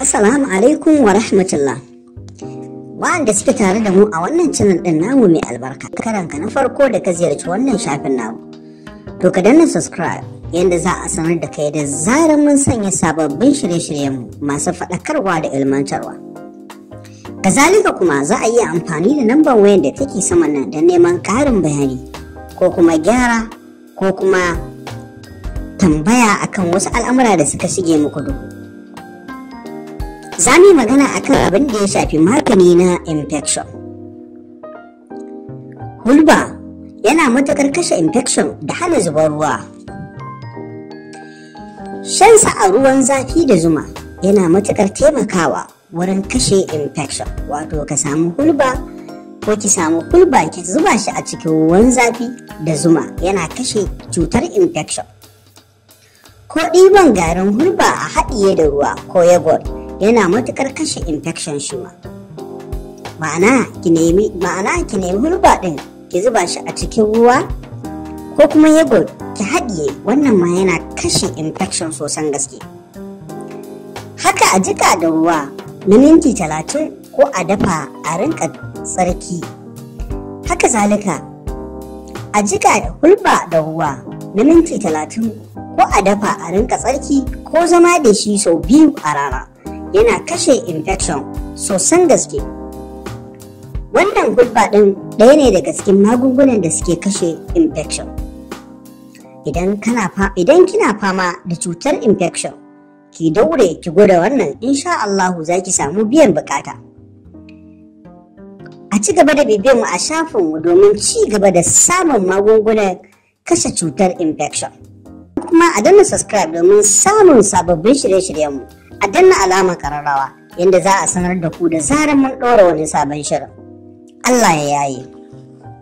Assalamu alaikum wa rahmatullah. Wa'anda suke tare da mu a wannan channel ɗin namu mai albarka. ka na farko da ka ziyarci wannan shafin namu. To ka danna subscribe yadda za a sanar da kai da zarar mun sanya sababbin shirye-shiryenmu masu faɗakarwa da ilmantarwa. Kazalika kuma za a iya amfani da lambar wayar da take sama nan da neman ƙarin bayani ko kuma gyara ko kuma tambaya akan wasu al'amura da suka shige muku duhu. za mu yi magana akan abin da ya shafi magani na infection hulba yana matuƙar kashe infection da hana zubar ruwa shansa a ruwan zafi da zuma yana matuƙar taimakawa wurin kashe infection wato ka samu hulba ko ki samu hulba ki zuba shi a cikin ruwan zafi da zuma yana kashe cutar infection ko ɗiban garin hulba a haɗiye da ruwa ko yogurt yana matukar kashe infection shi ma ma'ana ki nemi ma'ana hulba ɗin ki zuba shi a cikin ruwa ko kuma yogurt ki haɗiye wannan ma yana kashe infection sosan gaske haka a jika da ruwa na minti talatin ko a dafa a rinka tsarki haka zalika a jika hulba da ruwa na minti talatin ko a dafa a rinka tsarki ko zama da shi sau biyu a rana yana kashe infection sosan gaske wannan gulba ɗin ɗaya ne daga cikin magungunan da suke kashe infection idan kina fama da cutar infection ki daure ki gwada wannan insha Allahu za ki samu biyan bukata a ci gaba da bibiyar mu a shafinmu domin ci gaba da samun magungunan kashe cutar infection kuma a danna subscribe domin samun sababbin shirye-shiryenmu a danna alamar kararrawa yadda za a sanar da ku da zarar mun ɗora wani sabon shirin. Allah ya yaye.